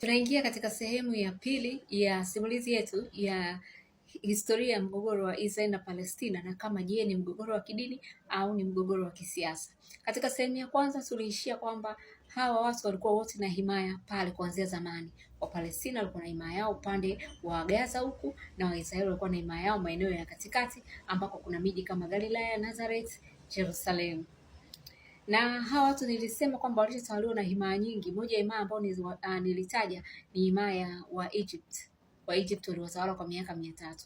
Tunaingia katika sehemu ya pili ya simulizi yetu ya historia ya mgogoro wa Israel na Palestina na kama je, ni mgogoro wa kidini au ni mgogoro wa kisiasa. Katika sehemu ya kwanza tuliishia kwamba hawa watu walikuwa wote na himaya pale kuanzia zamani. Wapalestina walikuwa na himaya yao upande wa Gaza huku na Waisraeli walikuwa na himaya yao maeneo ya katikati ambako kuna miji kama Galilaya, Nazareth, Jerusalemu na hawa watu nilisema kwamba walishatawaliwa na himaya nyingi. Moja ya himaya ambayo ah, nilitaja ni himaya wa Egypt. Wa Egypt waliwatawala kwa miaka mia tatu,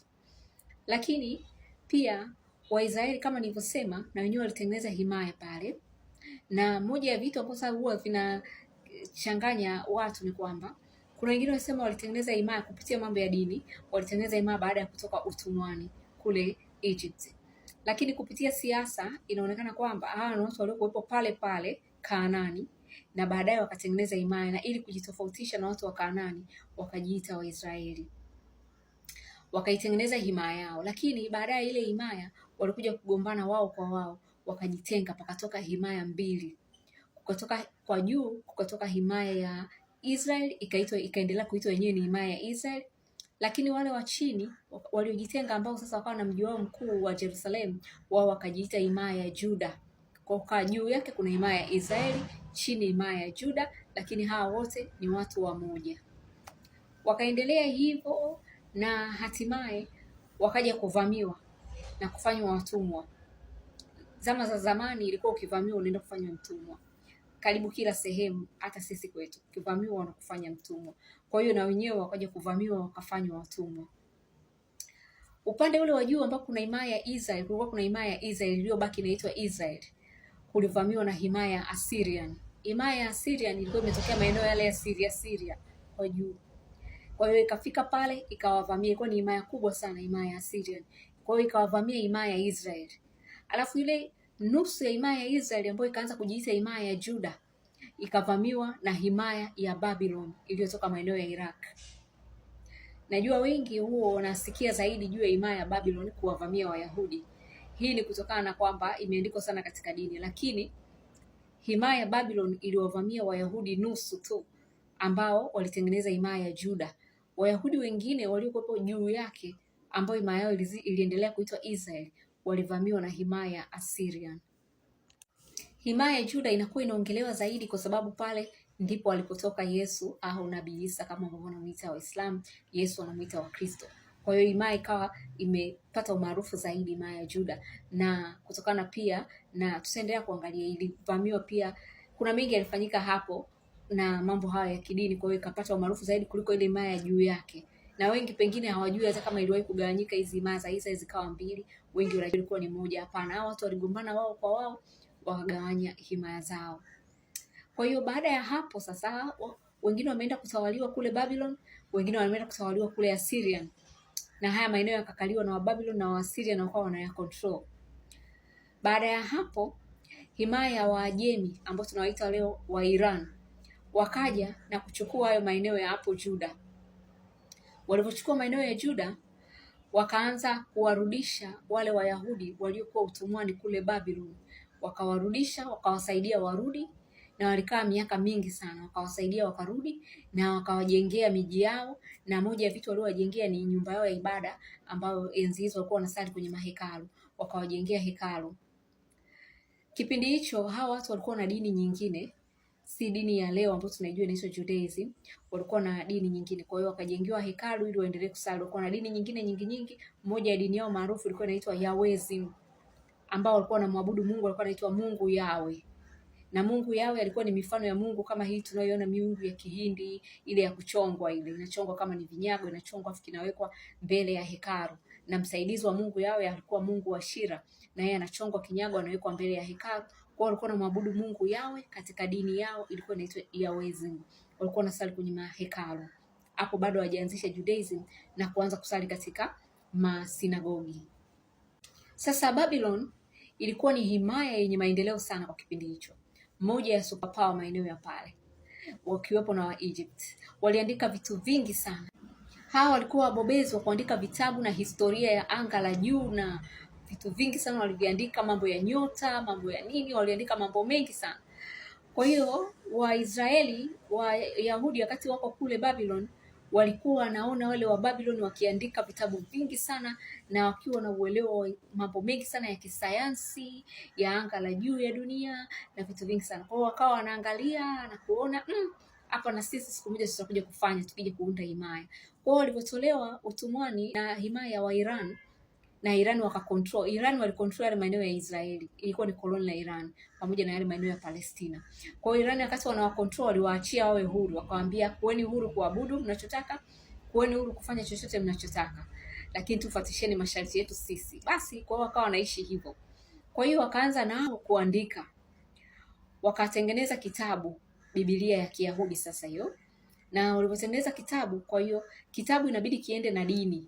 lakini pia Waisraeli kama nilivyosema, na wenyewe walitengeneza himaya pale, na moja ya vitu ambavyo huwa vinachanganya watu ni kwamba kuna wengine wanasema walitengeneza himaya kupitia mambo ya dini, walitengeneza himaya baada ya kutoka utumwani kule Egypt lakini kupitia siasa inaonekana kwamba hawa ni watu waliokuwepo pale pale Kaanani na baadaye wakatengeneza himaya na ili kujitofautisha na watu wa Kaanani wakajiita Waisraeli, wakaitengeneza himaya yao, lakini baadaye ile himaya walikuja kugombana wao kwa wao, wakajitenga, pakatoka himaya mbili, kukatoka kwa juu, kukatoka himaya ya Israel ikaitwa ikaendelea kuitwa yenyewe ni himaya ya Israel lakini wale wa chini waliojitenga ambao sasa wakawa na mji wao mkuu wa Jerusalemu, wao wakajiita himaya ya Juda. Kwa juu yake kuna himaya ya Israeli, chini himaya ya Juda, lakini hawa wote ni watu wamoja. Wakaendelea hivyo na hatimaye wakaja kuvamiwa na kufanywa watumwa. Zama za zamani ilikuwa ukivamiwa unaenda kufanywa mtumwa karibu kila sehemu, hata sisi kwetu ukivamiwa wanakufanya mtumwa. Kwa hiyo na wenyewe wakaja kuvamiwa wakafanywa watumwa. Upande ule wa juu ambao kuna himaya ya Israel, kulikuwa kuna himaya ya Israel iliyobaki inaitwa Israel, kulivamiwa na himaya ya Assyrian. Himaya ya Assyrian ilikuwa imetokea maeneo yale ya Syria, Syria kwa juu. Kwa hiyo ikafika pale ikawavamia, kwa ni himaya kubwa sana, himaya ya Assyrian. Kwa hiyo ikawavamia himaya ya Israel, alafu ile nusu ya himaya ya Israeli ambayo ikaanza kujiita himaya ya Juda ikavamiwa na himaya ya Babylon iliyotoka maeneo ya Iraq. Najua wengi huo wanasikia zaidi juu ya himaya ya Babylon kuwavamia Wayahudi. Hii ni kutokana na kwamba imeandikwa sana katika dini, lakini himaya ya Babylon iliwavamia Wayahudi nusu tu ambao walitengeneza himaya ya Juda. Wayahudi wengine waliokuwepo juu yake, ambayo himaya yao iliendelea kuitwa Israeli, walivamiwa na himaya ya Assyrian. Himaya ya Juda inakuwa inaongelewa zaidi kwa sababu pale ndipo alipotoka Yesu au ah, Nabii Isa kama ambavyo wanamuita Waislamu, Yesu anamuita Wakristo. Kwa hiyo himaya ikawa imepata umaarufu zaidi, himaya ya Juda, na kutokana pia na tutaendelea kuangalia, ilivamiwa pia, kuna mengi yalifanyika hapo na mambo haya ya kidini, kwa hiyo ikapata umaarufu zaidi kuliko ile himaya ya juu yake na wengi pengine hawajui hata kama iliwahi kugawanyika hizi maza hizi zikawa mbili, wengi wanajua ilikuwa ni moja. Hapana, hao watu waligombana wao kwa wao wakagawanya himaya zao. Kwa hiyo baada ya hapo sasa, wengine wameenda kutawaliwa kule Babylon, wengine wameenda kutawaliwa kule Assyria, na haya maeneo yakakaliwa na Wababylon na Waassyrian na wakawa control. Baada ya hapo himaya ya Waajemi ambao tunawaita leo wa Iran wakaja na kuchukua hayo maeneo ya hapo Juda. Walipochukua maeneo ya Juda, wakaanza kuwarudisha wale Wayahudi waliokuwa utumwani kule Babylon, wakawarudisha wakawasaidia warudi, na walikaa miaka mingi sana, wakawasaidia wakarudi, na wakawajengea miji yao, na moja ya vitu waliowajengea ni nyumba yao ya ibada, ambayo enzi hizo walikuwa wanasali kwenye mahekalu, wakawajengea hekalu. Kipindi hicho hawa watu walikuwa na dini nyingine si dini ya leo ambayo tunaijua inaitwa Judaism, walikuwa na dini nyingine. Kwa hiyo wakajengiwa hekalu ili waendelee kusali. Walikuwa na dini nyingine nyingi nyingi. Moja ya dini yao maarufu ilikuwa inaitwa Yahweism, ambao walikuwa wanamwabudu Mungu, walikuwa anaitwa Mungu Yawe na Mungu Yawe alikuwa ni mifano ya Mungu kama hii tunayoiona miungu ya Kihindi ile ya kuchongwa, ile inachongwa kama ni vinyago, inachongwa afu kinawekwa mbele ya hekaru. Na msaidizi wa Mungu Yawe alikuwa Mungu wa Shira, na yeye anachongwa kinyago, anawekwa mbele ya hekaru wao walikuwa wanamwabudu Mungu yawe katika dini yao ilikuwa inaitwa Yahweism. Walikuwa wanasali kwenye mahekalu. Hapo bado hawajaanzisha Judaism na kuanza kusali katika masinagogi. Sasa Babylon ilikuwa ni himaya yenye maendeleo sana kwa kipindi hicho, moja ya superpower maeneo ya pale, wakiwepo na Waegypt. Waliandika vitu vingi sana. Hawa walikuwa wabobezi wa kuandika vitabu na historia ya anga la juu na vitu vingi sana waliviandika, mambo ya nyota, mambo ya nini, waliandika mambo mengi sana. Kwa hiyo Waisraeli, Wayahudi wakati wako kule Babylon walikuwa wanaona wale wa Babylon wakiandika vitabu vingi sana na wakiwa na uelewa wa mambo mengi sana ya kisayansi ya anga la juu ya dunia na vitu vingi sana. Kwa hiyo wakawa wanaangalia na kuona mm, hapa, mm, na sisi siku moja tutakuja kufanya, tukija kuunda himaya. Kwa hiyo walivyotolewa utumwani na himaya wa Iran na Iran wakakontrol. Iran walikontrol yale maeneo ya Israeli, ilikuwa ni koloni la Iran pamoja na yale maeneo ya Palestina. Kwa hiyo Iran wakati wanawakontrol, waliwaachia wawe huru, wakawaambia kuweni huru kuabudu mnachotaka, kuweni huru kufanya chochote mnachotaka, lakini tufuatisheni masharti yetu sisi. Basi kwa hiyo wakawa wanaishi hivyo. Kwa hiyo wakaanza nao kuandika, wakatengeneza kitabu Biblia ya Kiyahudi sasa hiyo, na walipotengeneza kitabu, kwa hiyo kitabu inabidi kiende na dini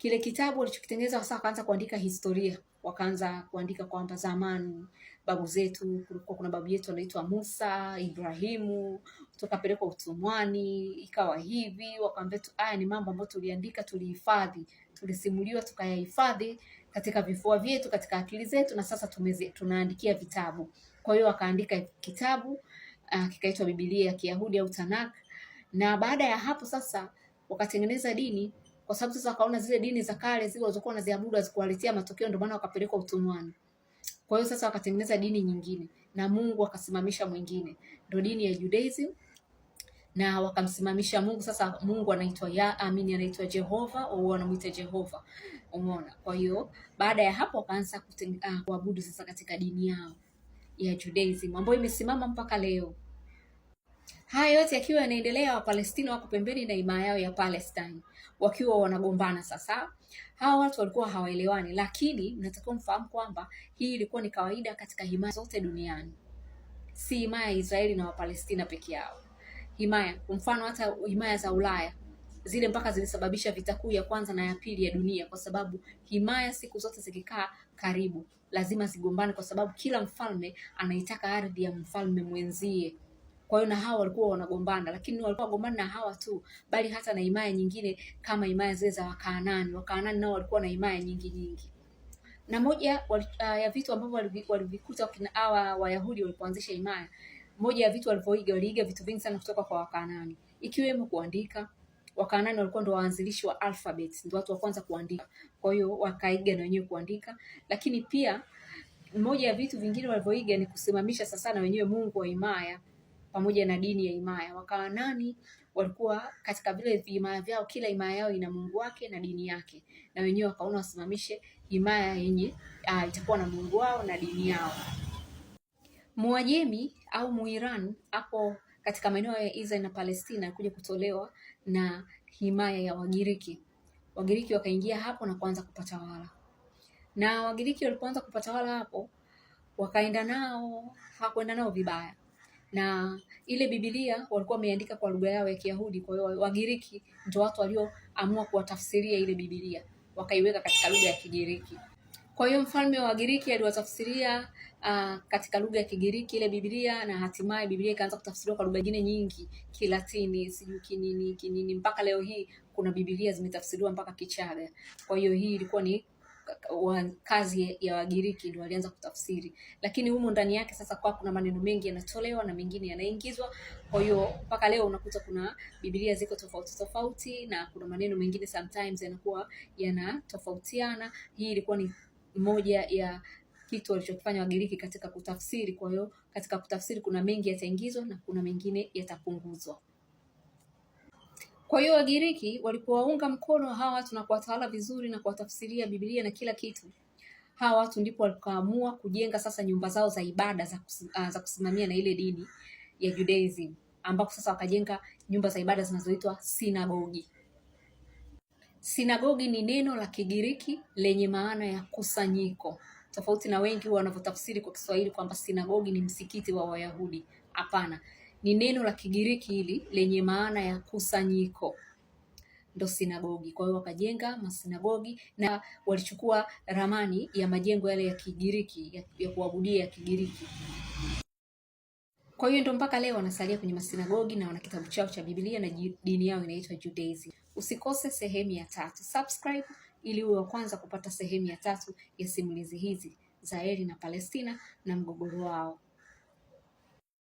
kile kitabu walichokitengeneza wasa, wakaanza kuandika historia, wakaanza kuandika kwamba zamani babu zetu, kulikuwa kuna babu yetu anaitwa Musa, Ibrahimu, tukapelekwa utumwani, ikawa hivi. Wakaambia tu haya ni mambo ambayo tuliandika, tulihifadhi, tulisimuliwa, tukayahifadhi katika vifua vyetu, katika akili zetu, na sasa tumeze, tunaandikia vitabu. Kwa hiyo wakaandika kitabu uh, kikaitwa Biblia ya Kiyahudi au Tanakh, na baada ya hapo sasa wakatengeneza dini kwa sababu sasa wakaona zile dini za kale zile walizokuwa wanaziabudu hazikuwaletea matokeo, ndio maana wakapelekwa utumwani. Kwa hiyo sasa wakatengeneza dini nyingine na Mungu akasimamisha mwingine, ndio dini ya Judaism na wakamsimamisha Mungu. Sasa Mungu anaitwa ya amini, anaitwa Jehova au wanamuita Jehova, umeona? Kwa hiyo baada ya hapo wakaanza ah, kuabudu sasa katika dini yao ya Judaism ambayo imesimama mpaka leo. Haya yote yakiwa yanaendelea, Wapalestina wako pembeni na himaya yao ya Palestine wakiwa wanagombana. Sasa hawa watu walikuwa hawaelewani, lakini mnatakiwa mfahamu kwamba hii ilikuwa ni kawaida katika himaya zote duniani, si himaya ya Israeli na Wapalestina peke yao. Himaya kwa mfano, hata himaya za Ulaya zile mpaka zilisababisha vita kuu ya kwanza na ya pili ya dunia, kwa sababu himaya siku zote zikikaa karibu lazima zigombane, kwa sababu kila mfalme anaitaka ardhi ya mfalme mwenzie. Kwa hiyo na hawa walikuwa wanagombana, lakini walikuwa wagombana na hawa tu, bali hata na himaya nyingine kama himaya zile za Wakaanani. Wakaanani nao walikuwa na himaya nyingi nyingi na moja wali, uh, ya vitu ambavyo walivikuta hawa Wayahudi walipoanzisha himaya, moja ya vitu walivyoiga, waliiga vitu vingi sana kutoka kwa Wakaanani, ikiwemo kuandika. Wakaanani walikuwa ndo waanzilishi wa alphabet, ndio watu wa kwanza kuandika, kwa hiyo wakaiga na wenyewe kuandika. Lakini pia moja ya vitu vingine walivyoiga ni kusimamisha sasa na wenyewe mungu wa himaya pamoja na dini ya Imaya. Wakaanani walikuwa katika vile vimaya vyao, kila imaya yao ina mungu wake na dini yake, na wenyewe wakaona wasimamishe imaya yenye uh, itakuwa na mungu wao na dini yao. Muajemi au Muiran hapo katika maeneo ya Israel na Palestina kuja kutolewa na himaya ya Wagiriki. Wagiriki wakaingia hapo na kuanza kupata wala, na Wagiriki walipoanza kupata wala hapo, wakaenda nao, hawakwenda nao vibaya na ile Biblia walikuwa wameandika kwa lugha yao ya Kiyahudi. Kwa hiyo Wagiriki ndio watu walioamua kuwatafsiria ile Biblia wakaiweka katika lugha ya Kigiriki. Kwa hiyo mfalme wa Wagiriki aliwatafsiria uh, katika lugha ya Kigiriki ile Biblia, na hatimaye Biblia ikaanza kutafsiriwa kwa lugha nyingine nyingi, Kilatini, sijui kinini kinini, mpaka leo hii kuna Biblia zimetafsiriwa mpaka Kichaga. Kwa hiyo hii ilikuwa ni kazi ya Wagiriki ndio walianza kutafsiri, lakini humo ndani yake sasa kwa kuna maneno mengi yanatolewa na mengine yanaingizwa. Kwa hiyo mpaka leo unakuta kuna Biblia ziko tofauti tofauti, na kuna maneno mengine sometimes yanakuwa yanatofautiana. Hii ilikuwa ni moja ya kitu walichokifanya Wagiriki katika kutafsiri. Kwa hiyo katika kutafsiri kuna mengi yataingizwa na kuna mengine yatapunguzwa. Kwa hiyo Wagiriki walipowaunga mkono hawa watu na kuwatawala vizuri na kuwatafsiria Biblia na kila kitu, hawa watu ndipo walipoamua kujenga sasa nyumba zao za ibada za, kusim, uh, ah, za kusimamia na ile dini ya Judaism ambapo sasa wakajenga nyumba za ibada zinazoitwa sinagogi. Sinagogi ni neno la Kigiriki lenye maana ya kusanyiko, tofauti na wengi wanavyotafsiri kwa Kiswahili kwamba sinagogi ni msikiti wa Wayahudi. Hapana, ni neno la Kigiriki hili lenye maana ya kusanyiko, ndo sinagogi. Kwa hiyo wakajenga masinagogi na walichukua ramani ya majengo yale ya Kigiriki ya, ya kuabudia ya Kigiriki. Kwa hiyo ndo mpaka leo wanasalia kwenye masinagogi na wana kitabu chao cha Biblia na dini yao inaitwa Judaism. Usikose sehemu ya tatu, subscribe ili uwe wa kwanza kupata sehemu ya tatu ya simulizi hizi za Israeli na Palestina na mgogoro wao.